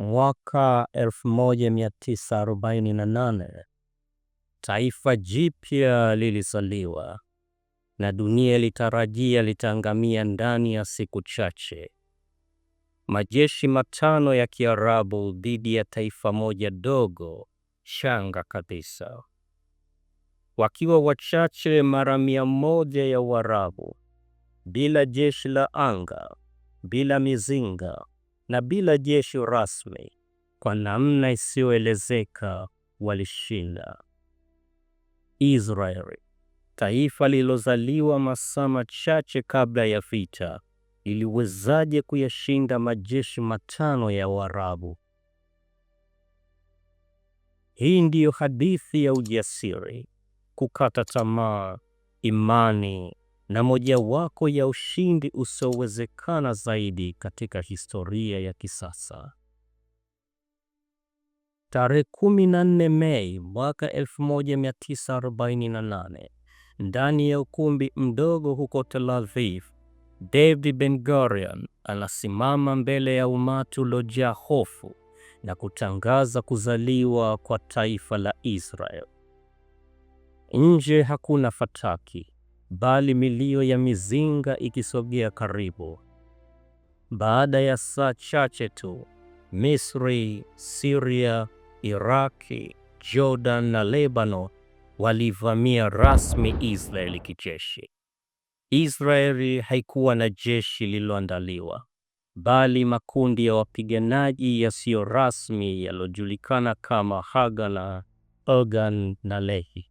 Mwaka 1948 taifa jipya lilizaliwa na dunia ilitarajia litaangamia ndani ya siku chache. Majeshi matano ya Kiarabu dhidi ya taifa moja dogo changa kabisa. Wakiwa wachache mara mia moja ya uarabu bila jeshi la anga, bila mizinga na bila jeshi rasmi, kwa namna isiyoelezeka walishinda. Israeli, taifa lililozaliwa masaa machache kabla ya vita, iliwezaje kuyashinda majeshi matano ya Waarabu? Hii ndiyo hadithi ya ujasiri, kukata tamaa, imani na mojawapo ya ushindi usiowezekana zaidi katika historia ya kisasa. Tarehe 14 Mei mwaka 1948, ndani ya ukumbi mdogo huko Tel Aviv, David Ben-Gurion anasimama mbele ya umati uliojaa hofu na kutangaza kuzaliwa kwa taifa la Israel. Nje hakuna fataki, bali milio ya mizinga ikisogea karibu. Baada ya saa chache tu, Misri, Syria, Iraki, Jordan na Lebanon walivamia rasmi Israeli kijeshi. Israeli haikuwa na jeshi lililoandaliwa, bali makundi ya wapiganaji yasiyo rasmi yalojulikana kama Hagana, Ogan na Lehi.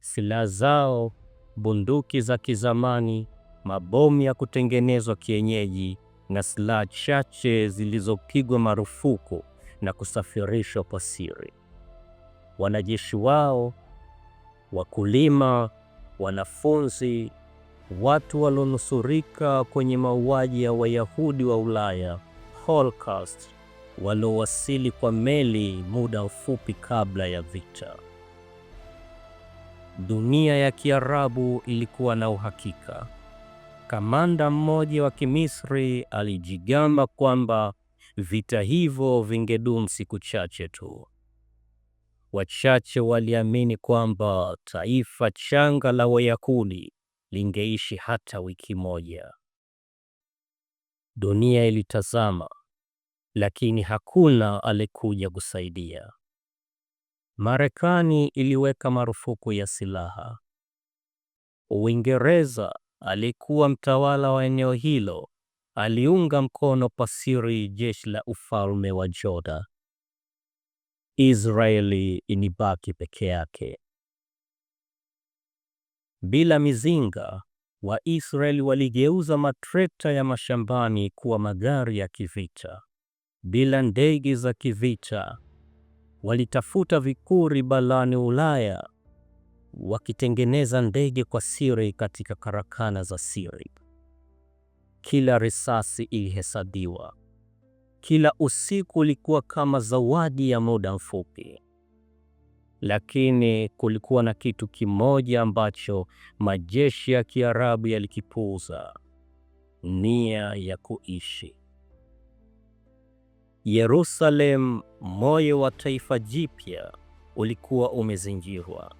Silaha zao bunduki za kizamani, mabomu ya kutengenezwa kienyeji na silaha chache zilizopigwa marufuku na kusafirishwa kwa siri. Wanajeshi wao, wakulima, wanafunzi, watu walionusurika kwenye mauaji ya Wayahudi wa Ulaya, Holocaust, waliowasili kwa meli muda mfupi kabla ya vita. Dunia ya Kiarabu ilikuwa na uhakika. Kamanda mmoja wa Kimisri alijigamba kwamba vita hivyo vingedumu siku chache tu. Wachache waliamini kwamba taifa changa la Wayakuni lingeishi hata wiki moja. Dunia ilitazama, lakini hakuna alikuja kusaidia. Marekani iliweka marufuku ya silaha. Uingereza alikuwa mtawala wa eneo hilo, aliunga mkono kwa siri jeshi la ufalme wa Joda. Israeli inibaki peke yake. Bila mizinga, Waisraeli waligeuza matrekta ya mashambani kuwa magari ya kivita. Bila ndege za kivita walitafuta vikuri barani Ulaya wakitengeneza ndege kwa siri katika karakana za siri. Kila risasi ilihesabiwa. Kila usiku ulikuwa kama zawadi ya muda mfupi. Lakini kulikuwa na kitu kimoja ambacho majeshi ya Kiarabu yalikipuuza: nia ya kuishi. Yerusalemu, moyo wa taifa jipya, ulikuwa umezingirwa.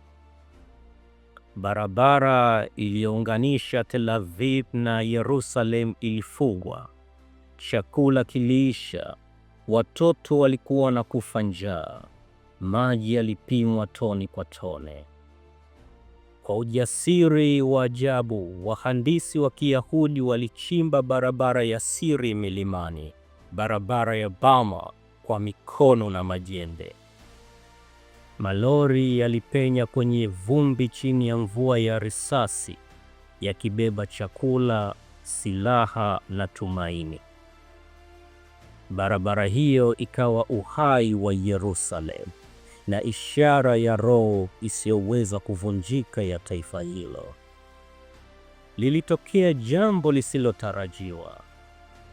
Barabara iliyounganisha Tel Aviv na Yerusalemu ilifungwa. Chakula kiliisha, watoto walikuwa na kufa njaa, maji yalipimwa toni kwa tone. Kwa ujasiri wa ajabu, wahandisi wa Kiyahudi walichimba barabara ya siri milimani barabara ya Bama kwa mikono na majembe. Malori yalipenya kwenye vumbi chini ya mvua ya risasi, yakibeba chakula, silaha na tumaini. Barabara hiyo ikawa uhai wa Yerusalemu na ishara ya roho isiyoweza kuvunjika ya taifa hilo. Lilitokea jambo lisilotarajiwa.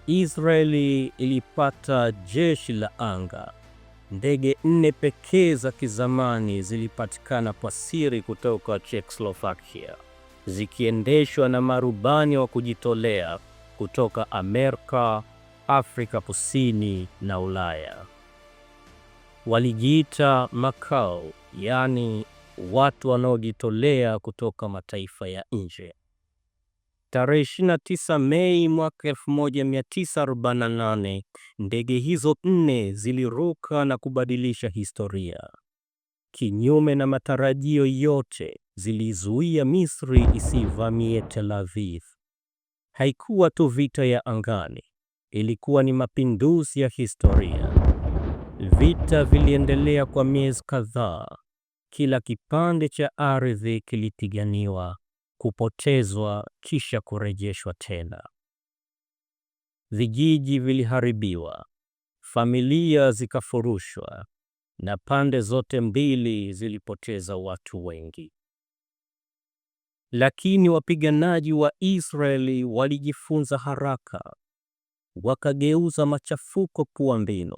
Israeli ilipata jeshi la anga. Ndege nne pekee za kizamani zilipatikana kwa siri kutoka Czechoslovakia, zikiendeshwa na marubani wa kujitolea kutoka Amerika, Afrika Kusini na Ulaya. Walijiita Makao, yaani watu wanaojitolea kutoka mataifa ya nje. Tarehe 29 Mei mwaka 1948 ndege hizo nne ziliruka na kubadilisha historia. Kinyume na matarajio yote, zilizuia Misri isivamie Tel Aviv. Haikuwa tu vita ya angani, ilikuwa ni mapinduzi ya historia. Vita viliendelea kwa miezi kadhaa, kila kipande cha ardhi kilipiganiwa kupotezwa kisha kurejeshwa tena. Vijiji viliharibiwa, familia zikafurushwa, na pande zote mbili zilipoteza watu wengi. Lakini wapiganaji wa Israeli walijifunza haraka, wakageuza machafuko kuwa mbinu.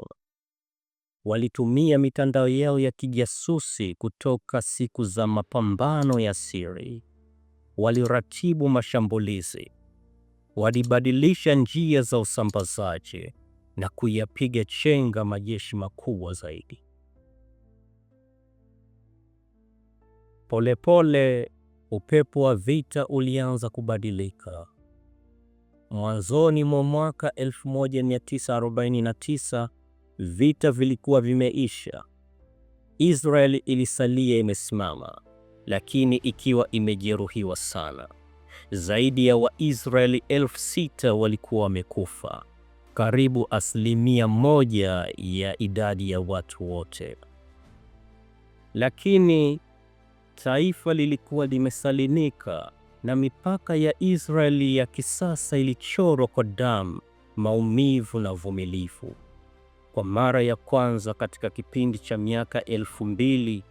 Walitumia mitandao yao ya kijasusi kutoka siku za mapambano ya siri waliratibu mashambulizi, walibadilisha njia za usambazaji na kuyapiga chenga majeshi makubwa zaidi. Polepole upepo wa vita ulianza kubadilika. Mwanzoni mwa mwaka 1949 vita vilikuwa vimeisha, Israeli ilisalia imesimama lakini ikiwa imejeruhiwa sana. Zaidi ya Waisraeli elfu sita walikuwa wamekufa, karibu asilimia moja ya idadi ya watu wote. Lakini taifa lilikuwa limesalinika na mipaka ya Israeli ya kisasa ilichorwa kwa damu, maumivu na uvumilivu. Kwa mara ya kwanza katika kipindi cha miaka elfu mbili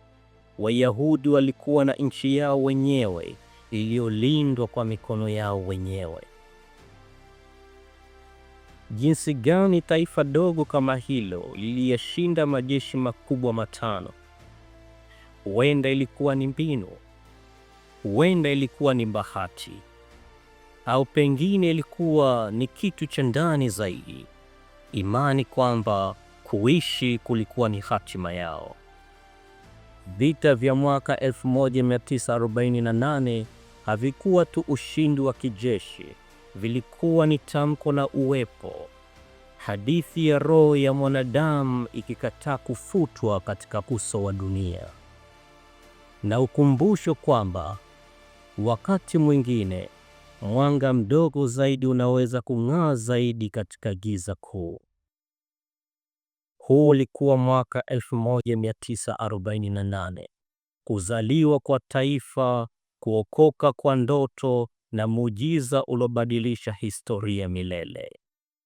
Wayahudi walikuwa na nchi yao wenyewe iliyolindwa kwa mikono yao wenyewe. Jinsi gani taifa dogo kama hilo liliyashinda majeshi makubwa matano? Huenda ilikuwa ni mbinu, huenda ilikuwa ni bahati, au pengine ilikuwa ni kitu cha ndani zaidi, imani kwamba kuishi kulikuwa ni hatima yao. Vita vya mwaka 1948 havikuwa tu ushindi wa kijeshi, vilikuwa ni tamko la uwepo, hadithi ya roho ya mwanadamu ikikataa kufutwa katika uso wa dunia, na ukumbusho kwamba wakati mwingine mwanga mdogo zaidi unaweza kung'aa zaidi katika giza kuu. Huu ulikuwa mwaka 1948. Kuzaliwa kwa taifa, kuokoka kwa ndoto na muujiza uliobadilisha historia milele.